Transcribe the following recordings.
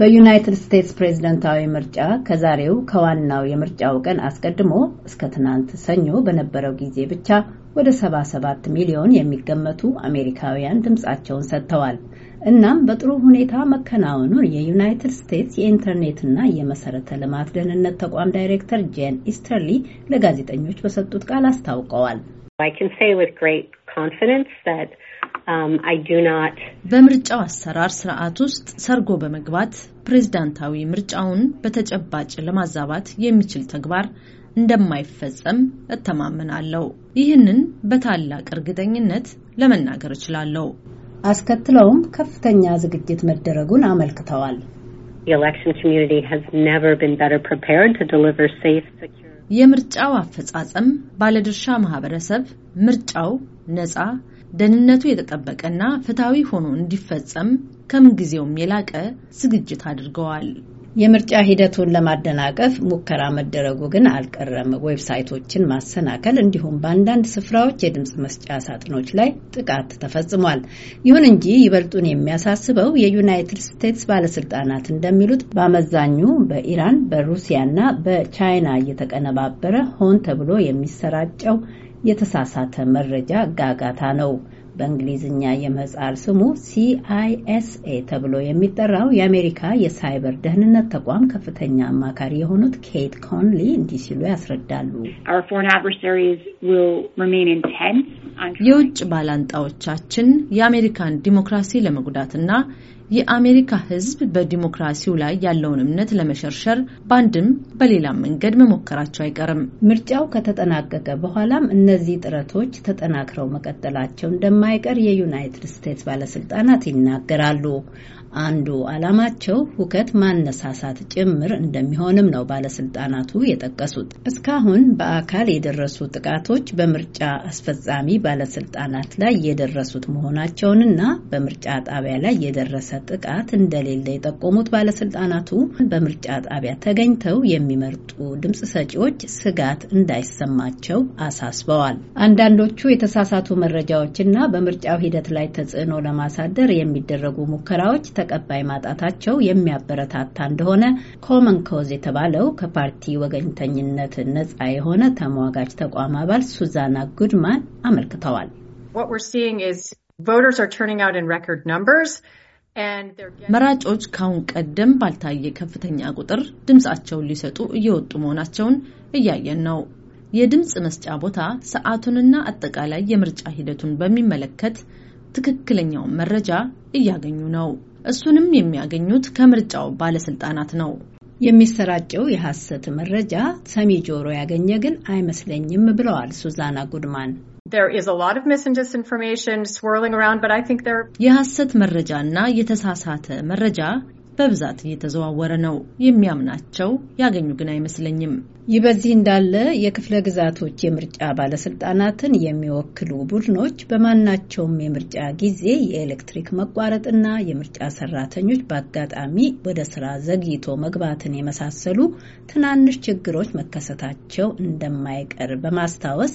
በዩናይትድ ስቴትስ ፕሬዝደንታዊ ምርጫ ከዛሬው ከዋናው የምርጫው ቀን አስቀድሞ እስከ ትናንት ሰኞ በነበረው ጊዜ ብቻ ወደ 77 ሚሊዮን የሚገመቱ አሜሪካውያን ድምፃቸውን ሰጥተዋል። እናም በጥሩ ሁኔታ መከናወኑን የዩናይትድ ስቴትስ የኢንተርኔትና የመሰረተ ልማት ደህንነት ተቋም ዳይሬክተር ጄን ኢስተርሊ ለጋዜጠኞች በሰጡት ቃል አስታውቀዋል። Um, በምርጫው አሰራር ስርዓት ውስጥ ሰርጎ በመግባት ፕሬዝዳንታዊ ምርጫውን በተጨባጭ ለማዛባት የሚችል ተግባር እንደማይፈጸም እተማመናለሁ። ይህንን በታላቅ እርግጠኝነት ለመናገር እችላለሁ። አስከትለውም ከፍተኛ ዝግጅት መደረጉን አመልክተዋል። የምርጫው አፈጻጸም ባለድርሻ ማህበረሰብ ምርጫው ነጻ ። ደህንነቱ የተጠበቀና ፍትሐዊ ሆኖ እንዲፈጸም ከምንጊዜውም የላቀ ዝግጅት አድርገዋል። የምርጫ ሂደቱን ለማደናቀፍ ሙከራ መደረጉ ግን አልቀረም። ዌብሳይቶችን ማሰናከል እንዲሁም በአንዳንድ ስፍራዎች የድምፅ መስጫ ሳጥኖች ላይ ጥቃት ተፈጽሟል። ይሁን እንጂ ይበልጡን የሚያሳስበው የዩናይትድ ስቴትስ ባለስልጣናት እንደሚሉት በአመዛኙ በኢራን በሩሲያና በቻይና እየተቀነባበረ ሆን ተብሎ የሚሰራጨው የተሳሳተ መረጃ ጋጋታ ነው። በእንግሊዝኛ የምህጻር ስሙ ሲአይኤስኤ ተብሎ የሚጠራው የአሜሪካ የሳይበር ደህንነት ተቋም ከፍተኛ አማካሪ የሆኑት ኬት ኮንሊ እንዲህ ሲሉ ያስረዳሉ። የውጭ ባላንጣዎቻችን የአሜሪካን ዲሞክራሲ ለመጉዳትና የአሜሪካ ሕዝብ በዲሞክራሲው ላይ ያለውን እምነት ለመሸርሸር በአንድም በሌላም መንገድ መሞከራቸው አይቀርም። ምርጫው ከተጠናቀቀ በኋላም እነዚህ ጥረቶች ተጠናክረው መቀጠላቸው እንደማይቀር የዩናይትድ ስቴትስ ባለስልጣናት ይናገራሉ። አንዱ ዓላማቸው ሁከት ማነሳሳት ጭምር እንደሚሆንም ነው ባለስልጣናቱ የጠቀሱት። እስካሁን በአካል የደረሱ ጥቃቶች በምርጫ አስፈጻሚ ባለስልጣናት ላይ የደረሱት መሆናቸውንና በምርጫ ጣቢያ ላይ የደረሰ ጥቃት እንደሌለ የጠቆሙት ባለስልጣናቱ በምርጫ ጣቢያ ተገኝተው የሚመርጡ ድምፅ ሰጪዎች ስጋት እንዳይሰማቸው አሳስበዋል። አንዳንዶቹ የተሳሳቱ መረጃዎችና በምርጫው ሂደት ላይ ተጽዕኖ ለማሳደር የሚደረጉ ሙከራዎች ተቀባይ ማጣታቸው የሚያበረታታ እንደሆነ ኮመን ኮዝ የተባለው ከፓርቲ ወገኝተኝነት ነጻ የሆነ ተሟጋጅ ተቋም አባል ሱዛና ጉድማን አመልክተዋል። መራጮች ካሁን ቀደም ባልታየ ከፍተኛ ቁጥር ድምፃቸውን ሊሰጡ እየወጡ መሆናቸውን እያየን ነው። የድምፅ መስጫ ቦታ ሰዓቱንና አጠቃላይ የምርጫ ሂደቱን በሚመለከት ትክክለኛውን መረጃ እያገኙ ነው። እሱንም የሚያገኙት ከምርጫው ባለስልጣናት ነው። የሚሰራጨው የሐሰት መረጃ ሰሚ ጆሮ ያገኘ ግን አይመስለኝም ብለዋል ሱዛና ጉድማን። የሐሰት መረጃና የተሳሳተ መረጃ በብዛት እየተዘዋወረ ነው። የሚያምናቸው ያገኙ ግን አይመስለኝም። ይህ በዚህ እንዳለ የክፍለ ግዛቶች የምርጫ ባለስልጣናትን የሚወክሉ ቡድኖች በማናቸውም የምርጫ ጊዜ የኤሌክትሪክ መቋረጥና የምርጫ ሰራተኞች በአጋጣሚ ወደ ስራ ዘግይቶ መግባትን የመሳሰሉ ትናንሽ ችግሮች መከሰታቸው እንደማይቀር በማስታወስ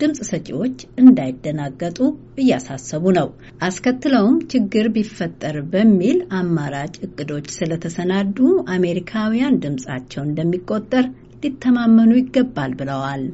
ድምፅ ሰጪዎች እንዳይደናገጡ እያሳሰቡ ነው። አስከትለውም ችግር ቢፈጠር በሚል አማራጭ እቅዶች ስለተሰናዱ አሜሪካውያን ድምፃቸው እንደሚቆጠር ሊተማመኑ ይገባል ብለዋል።